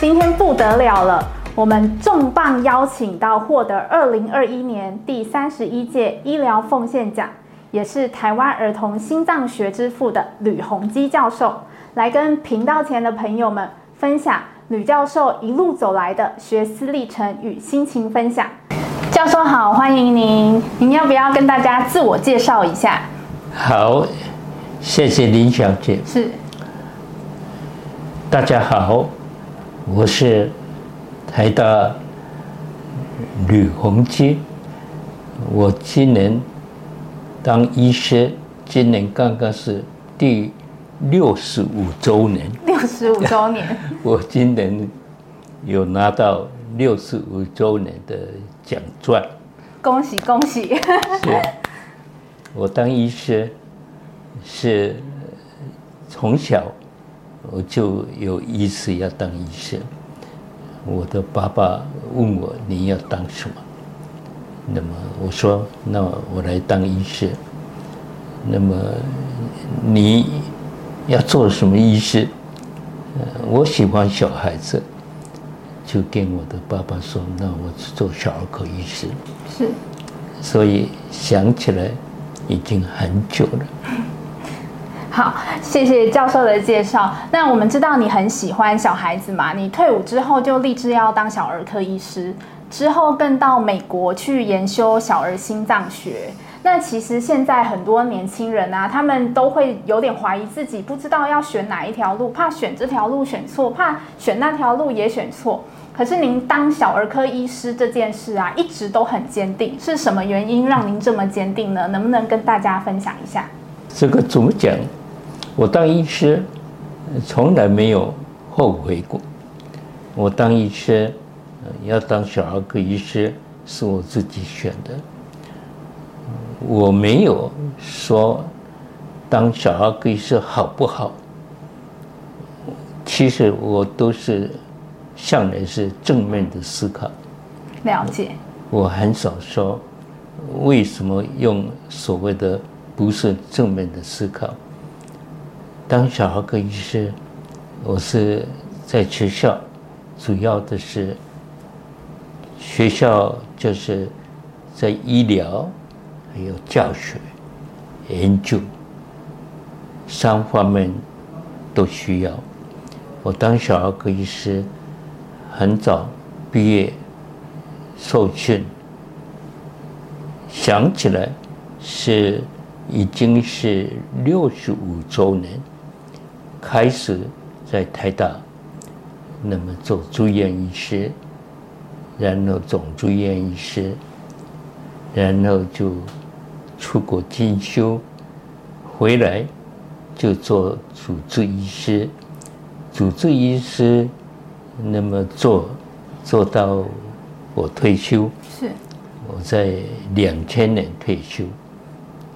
今天不得了了，我們重磅邀請到獲得二零二一年第三十一屆醫療奉獻獎，也是台灣兒童心臟學之父的呂鴻基教授，來跟頻道前的朋友們分享呂教授一路走來的學思歷程與心情分享。教授好，歡迎您。您要不要跟大家自我介紹一下？好，謝謝林小姐。是，大家好。我是台大呂鴻基，我今年當醫師，今年剛剛是第六十五週年。六十五週年。 我今年有拿到六十五週年的獎狀。恭喜恭喜！ 是。我當醫師是從小。我就有一次要當醫生，我的爸爸問我，你要當什麼？那麼我說，那我來當醫師。那麼你要做什麼醫師？呃，我喜歡小孩子，就跟我的爸爸說，那我做小兒科醫師。是。所以想起來已經很久了。好，謝謝教授的介紹。那我們知道你很喜歡小孩子嘛，你退伍之後就立志要當小兒科醫師，之後更到美國去研修小兒心臟學。那其實現在很多年輕人啊，他們都會有點懷疑自己，不知道要選哪一條路，怕選這條路選錯，怕選那條路也選錯。可是您當小兒科醫師這件事啊，一直都很堅定。是什麼原因讓您這麼堅定呢？能不能跟大家分享一下？這個怎麼講？我當醫師從來沒有後悔過。我當醫師，要當小兒科醫師是我自己選的。我沒有說當小兒科醫師好不好。其實我都是向來是正面的思考。了解。我很少說為什麼用所謂的不是正面的思考。當小兒科醫師，我是在學校，主要的是學校，就是在醫療、還有教學、研究三方面都需要。我當小兒科醫師，很早畢業、受訓，想起來是已經是六十五周年。開始在台大，那麼做住院醫師，然後總住院醫師，然後就出國進修，回來就做主治醫師，主治醫師，那麼做做到我退休，是我在兩千年退休，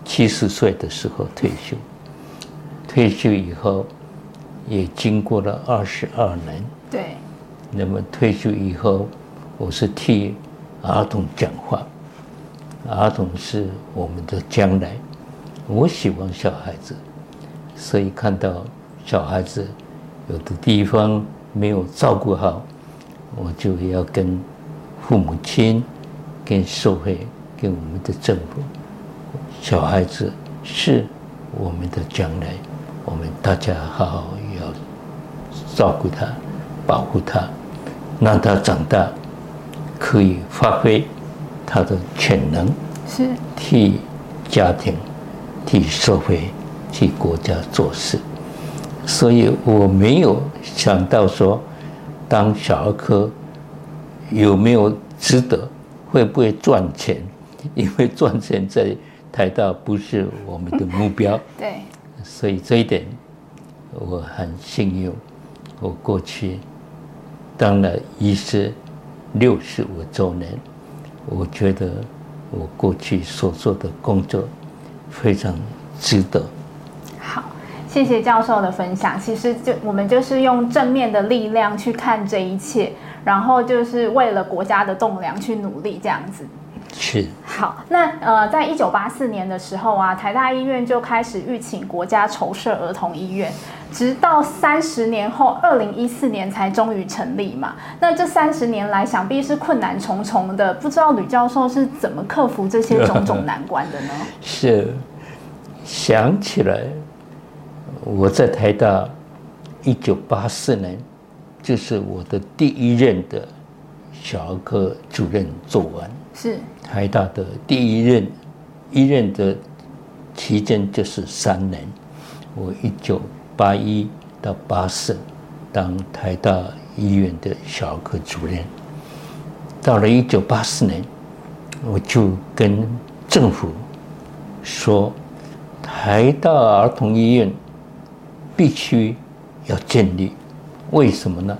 七十歲的時候退休，退休以後。也經過了二十二年，對，那麼退休以後，我是替兒童講話。兒童是我們的將來，我喜歡小孩子，所以看到小孩子有的地方沒有照顧好，我就要跟父母親、跟社會、跟我們的政府。小孩子是我們的將來，我們大家好好。照顧他，保護他，讓他長大，可以發揮他的潛能，是替家庭、替社會、替國家做事。所以我沒有想到說，當小兒科有沒有值得，會不會賺錢？因為賺錢在台大不是我們的目標。 對，所以這一點我很幸運。我過去當了醫師六十五週年，我覺得我過去所做的工作非常值得。好，謝謝教授的分享。其實就我們就是用正面的力量去看這一切，然後就是為了國家的棟梁去努力這樣子。去。好，那呃，在一九八四年的時候啊，台大醫院就開始籲請國家籌設兒童醫院，直到三十年後二零一四年才終於成立嘛。那這三十年來，想必是困難重重的，不知道呂教授是怎麼克服這些種種難關的呢？是，想起來我在台大一九八四年，就是我的第一任的小兒科主任做完是。台大的第一任、一任的期間就是三年。我一九八一到八四當台大醫院的小兒科主任，到了一九八四年，我就跟政府說，台大兒童醫院必須要建立。為什麼呢？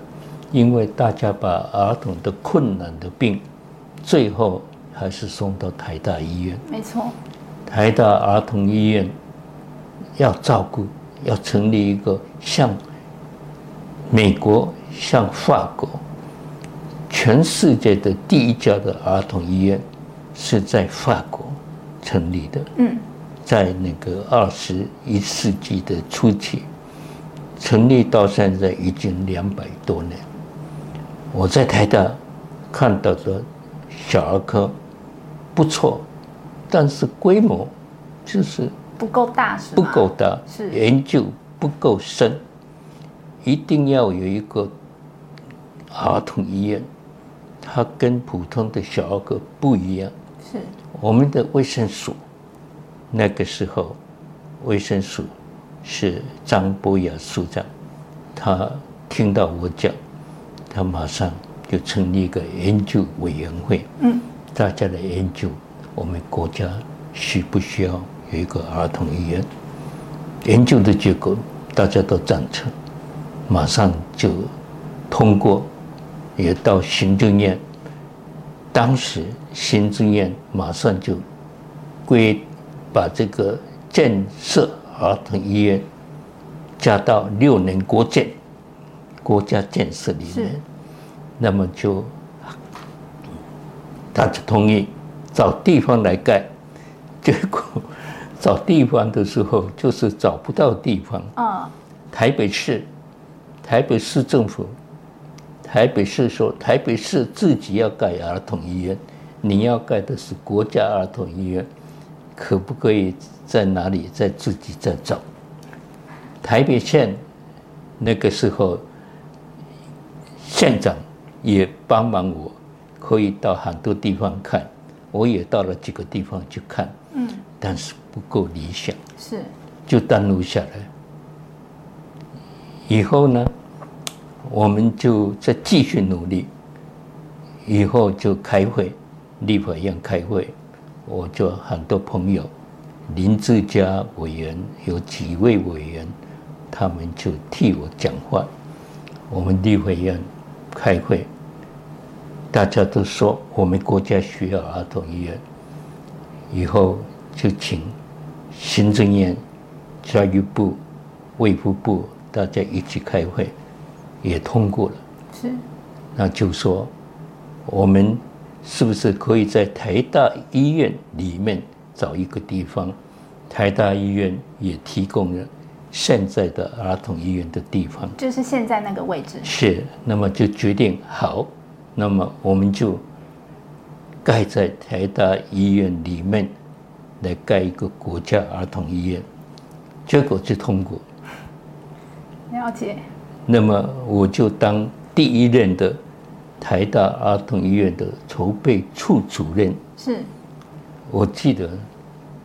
因為大家把兒童的困難的病，最後，還是送到台大醫院。沒錯，台大兒童醫院要照顧，要成立一個像美國、像法國，全世界的第一家的兒童醫院是在法國成立的。嗯，在那個二十一世紀的初期，成立到現在已經兩百多年。我在台大看到的，小兒科不錯，但是規模就是不夠大，不夠大，是研究不夠深，是一定要有一個兒童醫院，它跟普通的小兒科不一樣。是我們的衛生署，那個時候衛生署是張博雅署長，他聽到我講，他馬上。就成立一個研究委員會，嗯，大家來研究我們國家需不需要有一個兒童醫院。研究的結果，大家都贊成，馬上就通過，也到行政院。當時行政院馬上就歸把這個建設兒童醫院加到六年國建，國家建設裡面。那麼就、嗯，他就同意找地方來蓋，結果找地方的時候就是找不到地方。啊、哦，台北市、台北市政府、台北市說，台北市自己要蓋兒童醫院，你要蓋的是國家兒童醫院，可不可以在哪裡再自己再找？台北縣那個時候縣長。也幫忙我，可以到很多地方看，我也到了幾個地方去看，嗯，但是不夠理想，是，就登陸下來，以後呢，我們就再繼續努力，以後就開會，立法院開會，我就很多朋友，林志嘉委員有幾位委員，他們就替我講話，我們立法院。開會，大家都說我們國家需要兒童醫院，以後就請行政院、教育部、衛福部大家一起開會，也通過了。是，那就說我們是不是可以在台大醫院裡面找一個地方？台大醫院也提供了。現在的兒童醫院的地方，就是現在那個位置。是，那麼就決定好，那麼我們就蓋在台大醫院裡面來蓋一個國家兒童醫院，結果就通過。了解。那麼我就當第一任的台大兒童醫院的籌備處主任。是。我記得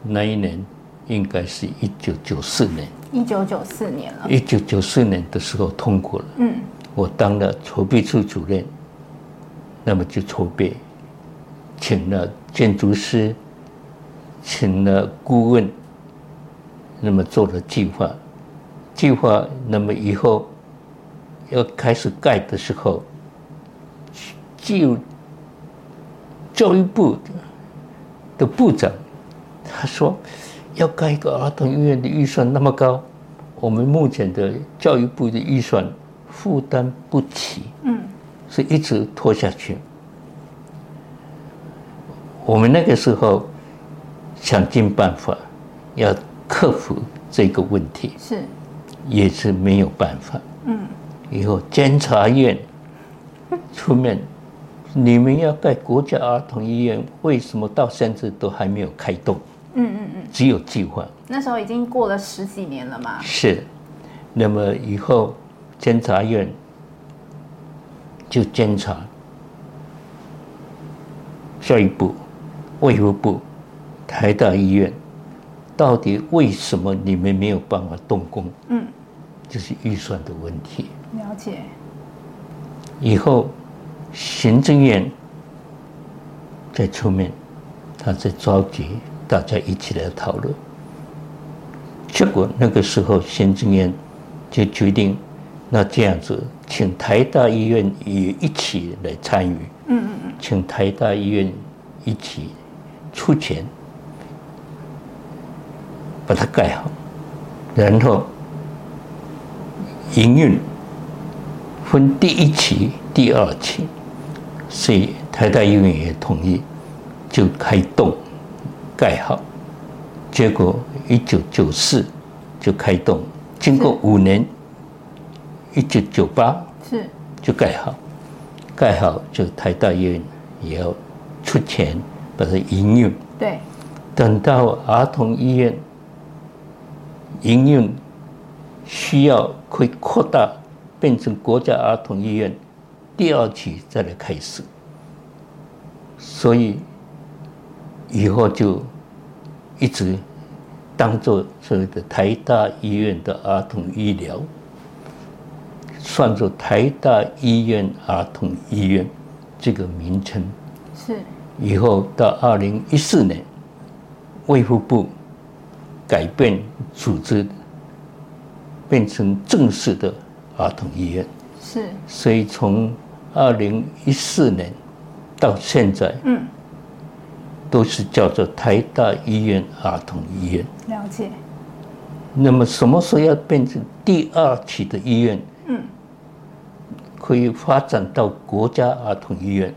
那一年應該是一九九四年。一九九四年了。一九九四年的時候通過了。嗯，我當了籌備處主任，那麼就籌備，請了建築師，請了顧問，那麼做了計劃。計劃，那麼以後要開始蓋的時候，就教育部的部長，他說。要蓋一個兒童醫院的預算那麼高，我們目前的教育部的預算負擔不起，嗯，是一直拖下去。我們那個時候想盡辦法要克服這個問題，是，也是沒有辦法，嗯。以後監察院出面，嗯、你們要蓋國家兒童醫院，為什麼到現在都還沒有開動？嗯嗯嗯，只有計劃。那時候已經過了十幾年了嘛。是，那麼以後監察院就監察，教育部、衛生部、台大醫院，到底為什麼你們沒有辦法動工？嗯，就是預算的問題。了解。以後行政院在出面，他在着急。大家一起來討論，結果那個時候，行政院就決定，那這樣子，請台大醫院也一起來參與，嗯嗯嗯，請台大醫院一起出錢把它蓋好，然後營運分第一期、第二期，所以台大醫院也同意，就開動。蓋好，結果一九九四就開動，經過五年，一九九八是就蓋好，蓋好就台大醫院也要出錢把它營運，對，等到兒童醫院營運需要可以擴大，變成國家兒童醫院，第二期再來開始，所以。以後就一直當做所謂的台大醫院的兒童醫療，算作台大醫院兒童醫院這個名稱。是。以後到二零一四年，衛福部改變組織，變成正式的兒童醫院。是。所以從二零一四年到現在。嗯。都是叫做台大醫院兒童醫院，了解。那麼什麼時候要變成第二期的醫院？嗯，可以發展到國家兒童醫院。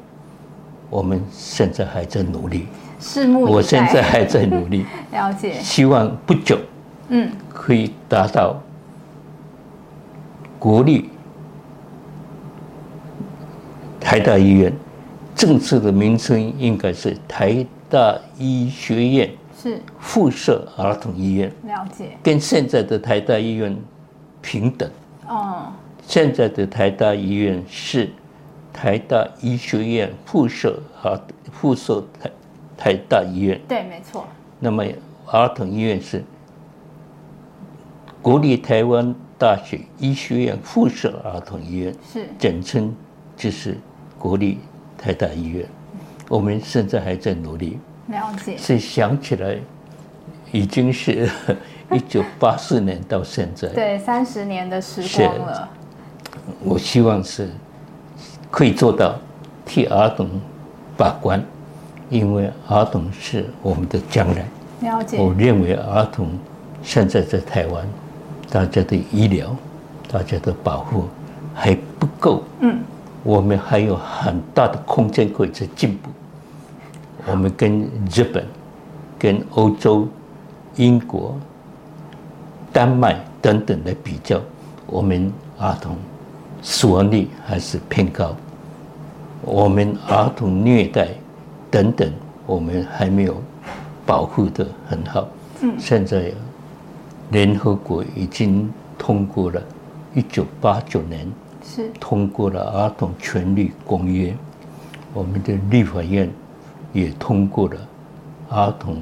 我們現在還在努力，拭目以待。我現在還在努力，了解。希望不久，嗯，可以達到國立、嗯、台大醫院正式的名稱應該是台。大醫學院是附設兒童醫院，了解，跟現在的台大醫院平等。哦、嗯，現在的台大醫院是台大醫學院附設兒附設台台大醫院，對，沒錯。那麼兒童醫院是國立台灣大學醫學院附設兒童醫院，是簡稱就是國立台大醫院。我們現在還在努力。了解。所以想起來，已經是，一九八四年到現在， 對，三十年的時光了。我希望是，可以做到，替兒童把關，因為兒童是我們的將來。了解。我認為兒童現在在台灣，大家的醫療，大家的保護還不夠。嗯。我們還有很大的空間可以去進步。我們跟日本、跟歐洲、英國、丹麥等等的比較，我們兒童死亡率還是偏高。我們兒童虐待等等，我們還沒有保護的很好。現在聯合國已經通過了，一九八九年。是通過了《兒童權利公約》，我們的立法院也通過了《兒童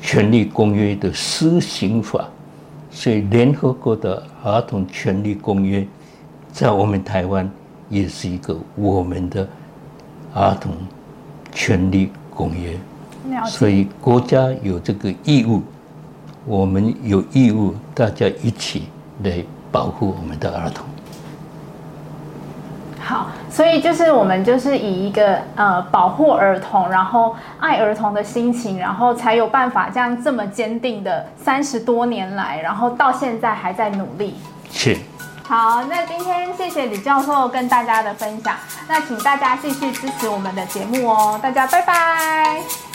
權利公約》的施行法，所以聯合國的《兒童權利公約》在我們台灣也是一個我們的《兒童權利公約》，了解，所以國家有這個義務，我們有義務，大家一起來保護我們的兒童。好，所以就是我們就是以一個呃保護兒童，然後愛兒童的心情，然後才有辦法這樣這麼堅定的三十多年來，然後到現在還在努力。是。好，那今天謝謝呂教授跟大家的分享，那請大家繼續支持我們的節目哦，大家拜拜。